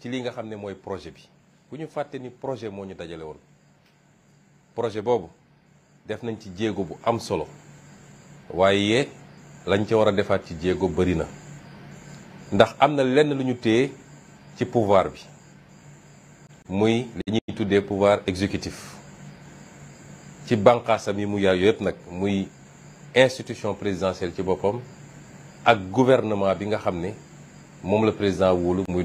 ci li nga xamné moy projet bi ni projet moñu dajalé won projet bobu def nañ ci djégo bu am solo wayé lañ ci wara a ci na ndax lenn pouvoir bi muy pouvoir exécutif ci mu ya nak muy institution présidentielle ci ak gouvernement bi nga xamné le président muy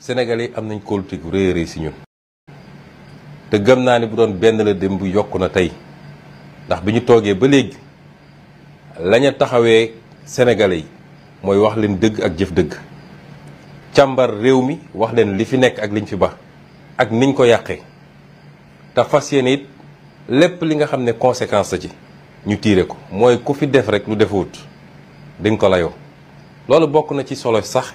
Sénégalais yi am nañ politique bu rëy a rëy si ñun te gëm naa ni bu doon benn la dem bu yokku na tey ndax bi ñu toogee ba léegi lañu taxawee Sénégalais yi mooy wax leen dëgg ak jëf dëgg càmbar réew mi wax leen li fi nekk ak liñ fi ba ak niñ ko yàqee te fas yéene it lépp li nga xam ne conséquence la ci ñu tiire ko mooy ku fi def rek lu defuwut di nga ko layoo loolu bokk na ci solo sax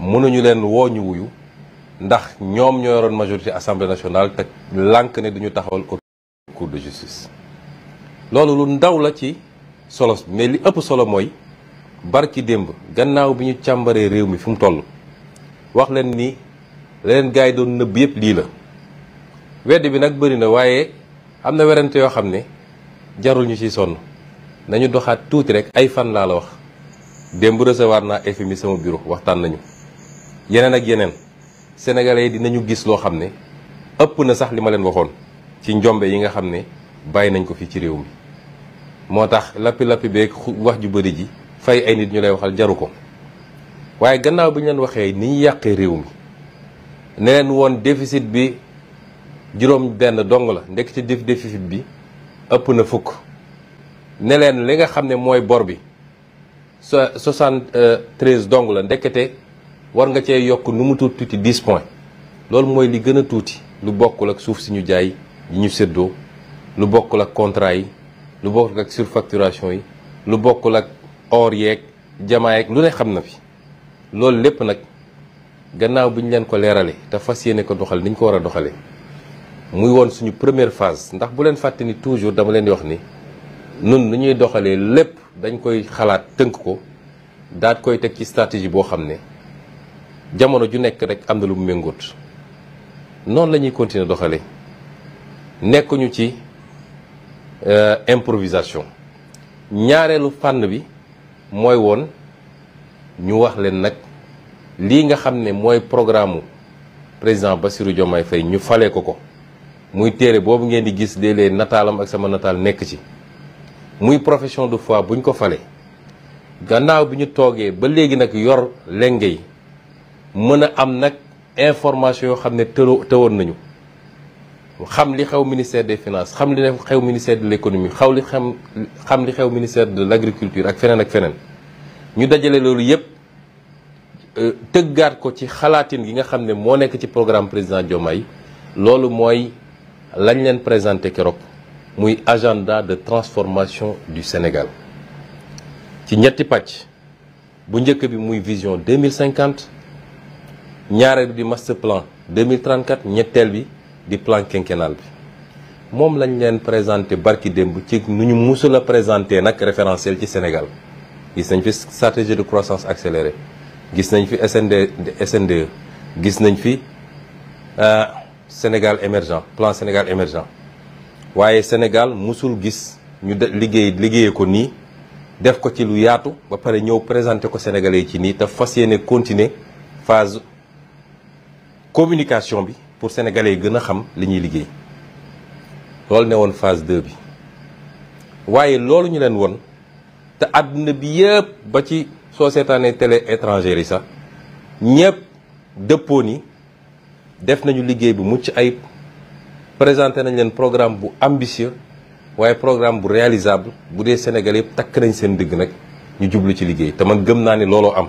mënuñu len woo ñu wuyu ndax ñoom ñoo yoroon majorité assemblée nationale te lànk ne duñu taxawal au cour de justice loolu lu ndaw la ci solo mais li ëpp solo barki démb gannaaw bi ñu réew mi fi toll wax leen ni len gars yi doon nëbb yëpp lii la wedd bi nag bëri na waaye am na werante yoo jarul ñu ciy nañu rek ay fan laa la wax démb recevoir naa FMI sama bureau nañu yeneen ak yeneen sénégalais yi dinañu gis loo xam ne ëpp na sax li ma leen waxoon ci njombe yi nga xam ne bàyyi nañ ko fii ci réew mi moo tax lappi-lappi beeg wax ju bëri ji fay ay nit ñu lay waxal jaru ko waaye gannaaw bi ñu leen waxee ni ñu yàqee réew mi ne leen woon déficit bi juróom benn dong la ndekk ci déficit bi ëpp na fukk ne leen li nga xam ne mooy bor bi soixante treize dong la ndekete war nga cee yokk nu mu tuuti tuuti 10 loolu mooy li gën a tuuti lu bokkul ak suuf suñu jaay yi ñu séddoo lu bokkul ak contrat yi lu bokkul ak surfacturation yi lu bokkul ak or yeeg jamaa yeeg lu ne xam na fi loolu lépp nag gannaaw bi ñu leen ko leeralee te fas yéene ko doxal ni ñu ko war a doxalee muy woon suñu première phase ndax bu leen fàtte ni toujours dama leen di wax ni nun nu ñuy doxalee lépp dañ koy xalaat tënk ko daat koy teg ci stratégie boo xam ne. jamono ju nekk rek am na lu mu méngoot noonu lañuy ñuy continuer doxale nekkuñu ci euh, improvisation ñaareelu fànn bi mooy woon ñu wax leen nag lii nga xam ne mooy programme président Bassirou Diomaye fay ñu falee ko ko muy téere boobu ngeen di gis léeg-léeg nataalam ak sama nataal nekk ci muy profession de foi buñ ko falee gannaaw bi ñu toogee ba léegi nag yor lenge yi Nous am nak information yo xamné nañu xam ministère des finances xam li xew ministère de l'économie xaw xam xam ministère de l'agriculture ak fenen ak fenen ñu nous lolu yépp euh, ko ci gi nga programme président Diomaye lolu moy lañ leen agenda de transformation du Sénégal ci ñetti patch bu bi vision 2050 ñaareel bi di master plan 2034 ñettel bi di plan quinquennal bi mom lañ leen présenter barki démb ci ñu musul a présenté référentiel ci Sénégal gis nañ fi stratégie de croissance accélérée gis nañ fi SND SND e. gis nañ fi euh, Sénégal émergent plan Sénégal émergent waaye Sénégal musul gis ñu de liggéey ko ni def ko ci lu yaatu ba pare ñeu présenter ko Sénégalais ci ni ta fas continuer phase communication bi pour sénégalais yi gën a xam li ñuy liggéey loolu ne woon phase 2 bi waaye loolu ñu leen woon te àdduna bi yëpp ba ci soo seetaanee télé étrangère yi sax ñëpp dëppoo ni def nañu liggéey bu mucc ayib présenté nañ leen programme bu ambitieux waaye programme bu réalisable bu dee sénégal yëpp takk nañ seen digg nag ñu jublu ci liggéey te man gëm naa ni looloo am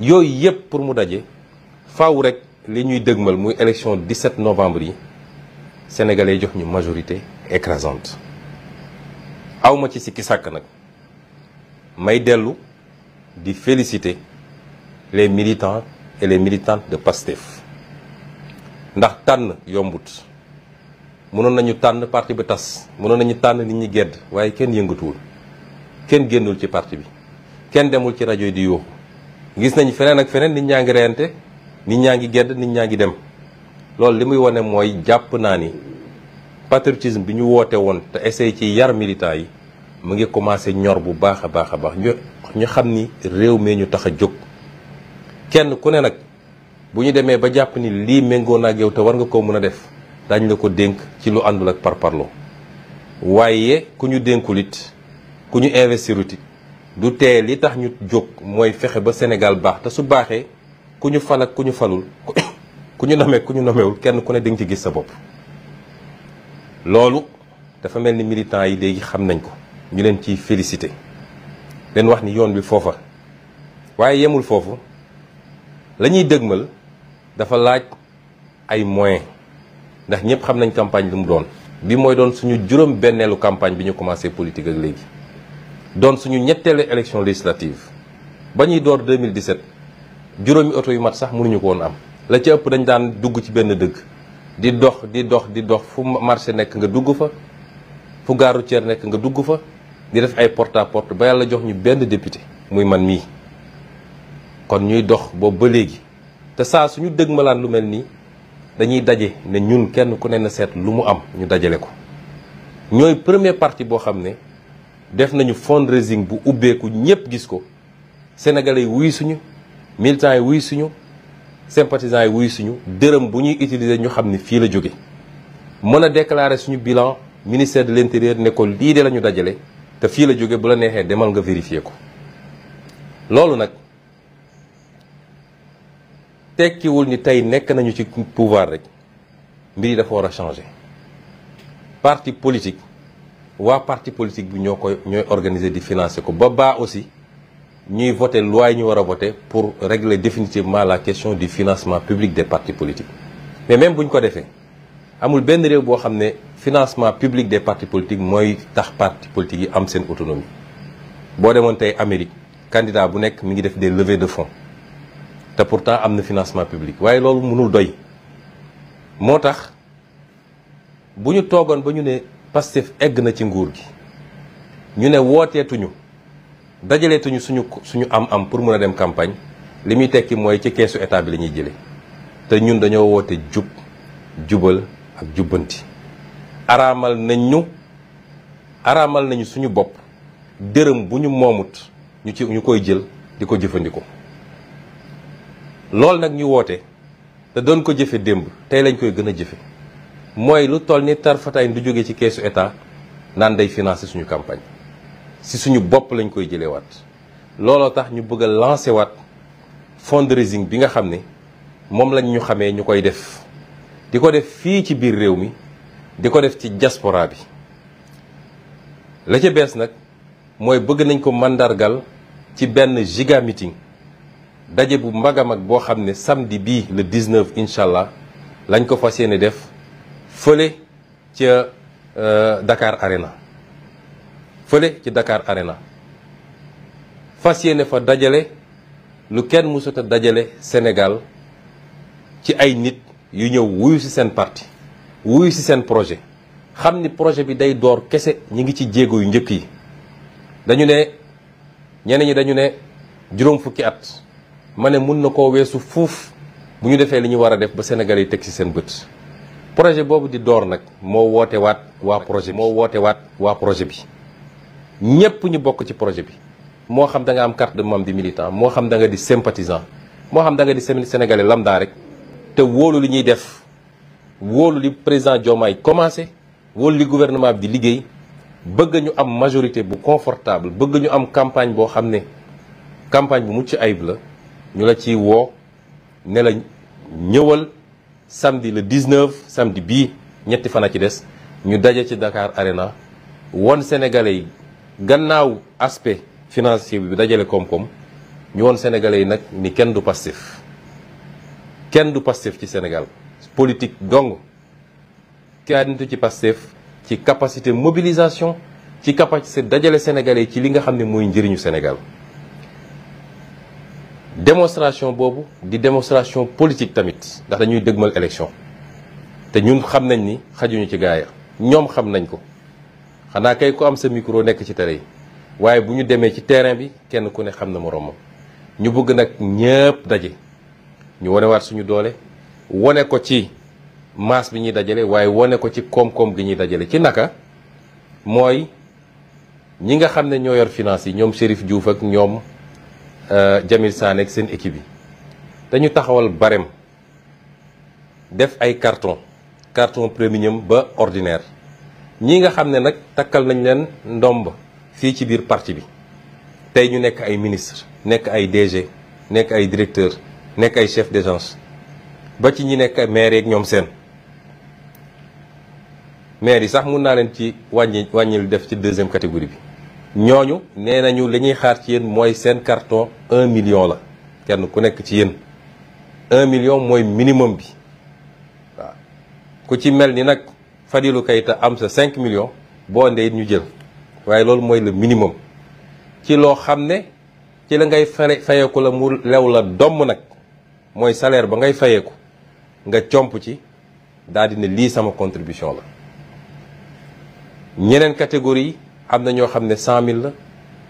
yoy yep pour mu dajé faaw rek li ñuy dëgmal muy élection 17 novembre yi sénégalais jox ñu majorité écrasante awma ci sikki sak nak may déllu di féliciter les militants et les militantes de PASTEF ndax tan yombut mënon nañu tan parti bi tass mënon nañu tan nit ñi gedd waye kenn yëngatuul kenn gënul ci parti bi kenn demul ci rajo di gis nañ feneen ak feneen nit ñaa ngi reyante nit ñaa ngi gedd nit ñaa ngi dem loolu li muy wane mooy jàpp naa ni patriotisme bi ñu woote woon te essayé ci yar militant yi mu ngi commencé ñor bu baax a baax a baax ñu ñu xam ni réew mi ñu tax a jóg kenn ku ne nag bu ñu demee ba jàpp ni lii méngoo na ak yow te war nga ko mën a def daañu la ko dénk ci lu àndul ak parparloo waaye ku ñu dénkulit ku ñu investirut it du tee li tax ñu jóg mooy fexe ba Sénégal baax te su baaxee ku ñu fal ak ku ñu falul ku ñu nomee ku ñu nomewul kenn ku ne di ci gis sa bopp loolu dafa mel ni militants yi léegi xam nañ ko ñu leen ciy félicité leen wax ni yoon bi foofa waaye yemul foofu la ñuy dëgmal dafa laaj ay moyen ndax ñëpp xam nañ campagne lu mu doon bi mooy doon suñu juróom benneelu campagne bi ñu commencé politique ak léegi doon suñu ñetteelu élection législative ba ñuy door 2017 juróomi oto yu mat sax mënuñu ko woon am la ci ëpp dañ daan dugg ci benn dëkk di dox di dox di dox fu marché nekk nga dugg fa fu gaaru routière nekk nga dugg fa di def ay porta à porte ba yàlla jox ñu benn député muy man mii kon ñuy dox boobu ba léegi te saa suñu dëgg malaan lu mel nii dañuy daje ne ñun kenn ku ne na seet lu mu am ñu dajale ko ñooy premier parti boo xam ne def nañu fundraising bu ubbeeku ñëpp gis ko sénégal yi wuy suñu militants yi wuy suñu sympathisants yi wuy suñu dërëm bu ñuy utiliser ñu xam ni fii la jóge mën a déclarer suñu bilan ministère de l'intérieur ne ko lii de la ñu dajale te fii la jóge bu la neexee demal nga vérifier ko loolu nag tekkiwul ni tey nekk nañu ci pouvoir rek mbir yi dafa war a changer parti politique un parti politique qui ñoo organisé organiser di financer ko aussi ñuy voter loi ñu voté pour régler définitivement la question du financement public des partis politiques mais même si ñu ko fait, amul benn fait pour financement public des partis politiques mooy tax partis politiques yi am une autonomie Si demoon tey Amérique candidat bu nekk mi ngi des levées de fonds et pourtant amené le financement public waaye loolu mënul doy moo tax Togon a fait. ne Pastef egg na ci nguur gi ñu ne wooteetuñu dajaleetuñu suñu suñu am-am pour mun a dem campagne li muy tekki mooy ci keesu état bi la jëlee te ñun dañoo woote jub jubal ak jubbanti. araamal nañ ñu araamal nañu suñu bopp dërëm bu ñu moomut ñu ci ñu koy jël di ko jëfandikoo loolu nag ñu woote te doon ko jëfe démb tey lañ koy gën a jëfe mooy lu toll ni tarfataay du jóge ci keesu état naan day financer suñu campagne si suñu bopp lañ koy jëlewaat looloo tax ñu bëgg lancer waat fundraising bi nga xam ne moom lañ ñu def di def fii ci réew mi def ci diaspora bi la ca bees nag mooy bëgg nañ ko mandargal ci benn giga meeting daje bu magamak a sam di bi samedi le 19 inshallah, allah lañ ko def fële ca euh, Dakar Arena fële ci Dakar Arena fas yéene fa dajale lu kenn mësut dajale senegal ci ay nit yu ñëw wuyu ci seen parti wuyu ci seen projet xam ni projet bi day door kese ñi ngi ci jéego yu njëkk yi dañu ne ñeneen yi dañu ne juróom fukki at ma ne mun na koo weesu fuuf bu ñu defee li ñu war a def ba senegal yi teg ci seen bët projet boobu di door nag moo woote waat waa projet bi moo woote waat waa projet bi ñépp ñu bokk ci projet bi moo xam danga am carte de membre di militant moo xam da nga di sympathisant moo xam da nga di sénégalais lambda rek te wóolu li ñuy def wóolu li président Diomaye commencé wóolu li gouvernement bi di liggéey bëgg ñu am majorité bu confortable bëgg ñu am campagne boo xam ne campagne bu mucc ayib la ñu la ciy woo ne la ñëwal samedi le 19 samedi bii ñetti fan a ci des ñu daje ci Dakar Arena won sénégalais yi gannaaw aspect financier bi dajale koom-koom ñu won sénégalais yi nag ni kenn du Pastef kenn du Pastef ci Sénégal politique dong kenn ci Pastef ci capacité mobilisation ci capacité dajale sénégalais yi ci li nga xam ne mooy njëriñu Sénégal démonstration boobu di démonstration politique tamit ndax dañuy dëgmal élection te ñun xam nañ ni xajuñu ci gaaya ñoom xam nañ ko xanaa kay ku am sa micro nekk ci tere yi waaye bu ñu demee ci terrain bi kenn ku ne xam ne moroomam ñu bëgg nag ñëpp daje ñu wanewaat suñu doole wane ko ci masse bi ñuy dajale waaye wane ko ci koom-koom gi ñuy dajale ci naka mooy ñi nga xam ne ñoo yor finance yi ñoom Chérif Diouf ak ñoom Euh, Jamil Sané ak seen équipe yi dañu taxawal barème def ay carton carton premium ba ordinaire ñi nga xam ne nag takkal nañ leen ndomb fii ci biir parti bi tey ñu nekk ay ministre nekk ay DG nekk ay directeur nekk ay chef d'agence ba ci ñi nekk maire yeeg ñoom seen maire yi sax mun naa leen ci wàññi wàññil def ci deuxième catégorie bi ñooñu nee nañu li ñuy xaar ci yéen mooy seen carton un million la kenn ku nekk ci yéen un million mooy minimum bi waaw ku ci mel ni nag Fadilou Keita am sa cinq millions boo ndee ñu jël waaye loolu mooy le minimum ci loo xam ne ci la ngay fay fayeeku la mu lew la domm nag mooy salaire ba ngay fayeeku nga comp ci daal di ne lii sama contribution la ñeneen catégorie am na ñoo xam ne cent mille la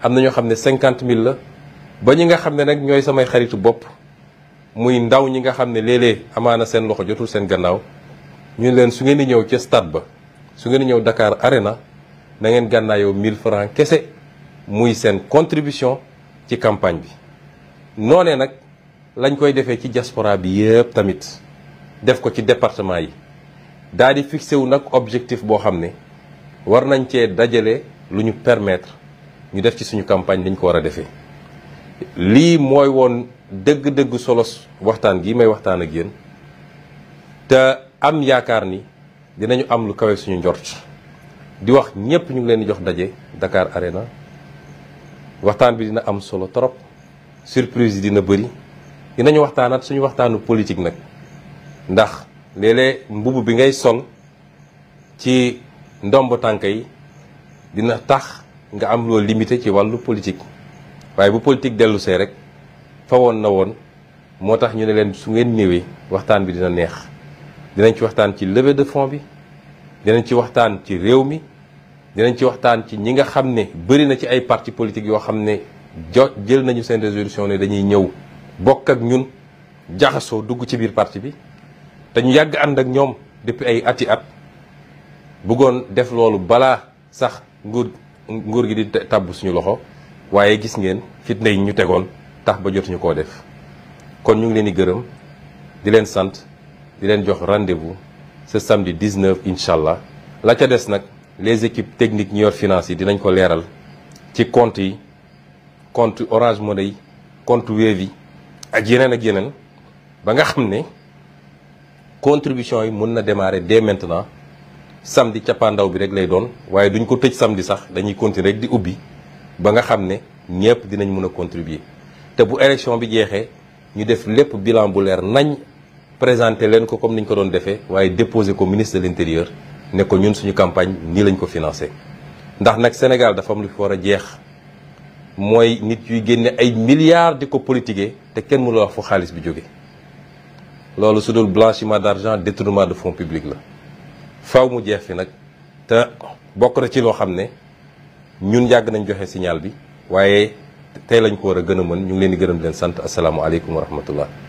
am na ñoo xam ne cinquante mille la ba ñi nga xam ne nag ñooy samay xaritu bopp muy ndaw ñi nga xam ne léeg-léeg amaana seen loxo jotul seen gannaaw ñu leen su ngeen di ñëw ca stade ba su ngeen di ñëw Dakar Arena na ngeen gànnaayoo mille francs kese muy seen contribution ci campagne bi. noonee nag lañ koy defee ci diaspora bi yëpp tamit def ko ci département yi daal di fixé wu nag objectif boo xam ne war nañ cee dajale. lu permettre ñu def ci suñu campagne dañ ko war a li lii mooy woon dëgg solos waxtaan gi may waxtaan ak am yakarni, ni dinañu am lu kawe suñu njort di wax ñépp ñu ngi leen jox daje Dakar Arena waxtaan bi dina am solo trop surprise di dina bëri dinañu waxtaanaat suñu waxtaanu politique nag ndax léeg-léeg mbubb bi ngay sol ci ndomb dina tax nga am loo limité ci wàllu politique waaye bu politique dellu see rek fawoon na woon moo tax ñu ne leen su ngeen ñëwee waxtaan bi dina neex dinañ ci waxtaan ci leve de fonds bi dinañ ci waxtaan ci réew mi dinañ ci waxtaan ci ñi nga xam ne bëri na ci ay parti politique yoo xam ne jo jël nañu seen résolution ne dañuy ñëw bokk ak ñun jaxasoo dugg ci biir parti bi dañu ñu yàgg ànd ak ñoom depuis ay ati at bëggoon def loolu balaa sax good nguur gi di tàbb suñu loxo waye gis ngeen fitna yi ñu tégon tax ba jotuñu koo def kon ñu ngi leen gëreum di sant di leen jox rendez-vous ce samedi 19 inshallah la ca des nak les équipes techniques ñu yor finance yi dinañ ko léral ci compte yi compte Orange Money compte Wave yi ak yeneen ak yeneen ba nga xamné contribution yi mën na démarrer dès maintenant samdi cappaandaw bi rek lay doon waaye duñ ko tëj samedi sax dañuy continuer rek di ubbi ba nga xam ne ñëpp dinañ mën a contribuer te bu élection bi jeexee ñu def lépp bilan bu leer nañ présenté leen ko comme ni ñu ko doon defee waaye déposé ko ministre de l'intérieur ne ko ñun suñu campagne nii lañ ko financé ndax nag Sénégal dafa am lu fi war a jeex mooy nit yuy génne ay milliards di ko politiquer te kenn mënul wax fu xaalis bi jóge loolu su dul blanchiment d'argent détournement de fonds publics la faw mu jeex fi nag te bokk na ci loo xam ne ñun yàgg nañ joxe signal bi waaye tey lañ ko war a gën mën ñu ngi leen di gërëm leen sant asalaamualeykum wa rahmatullah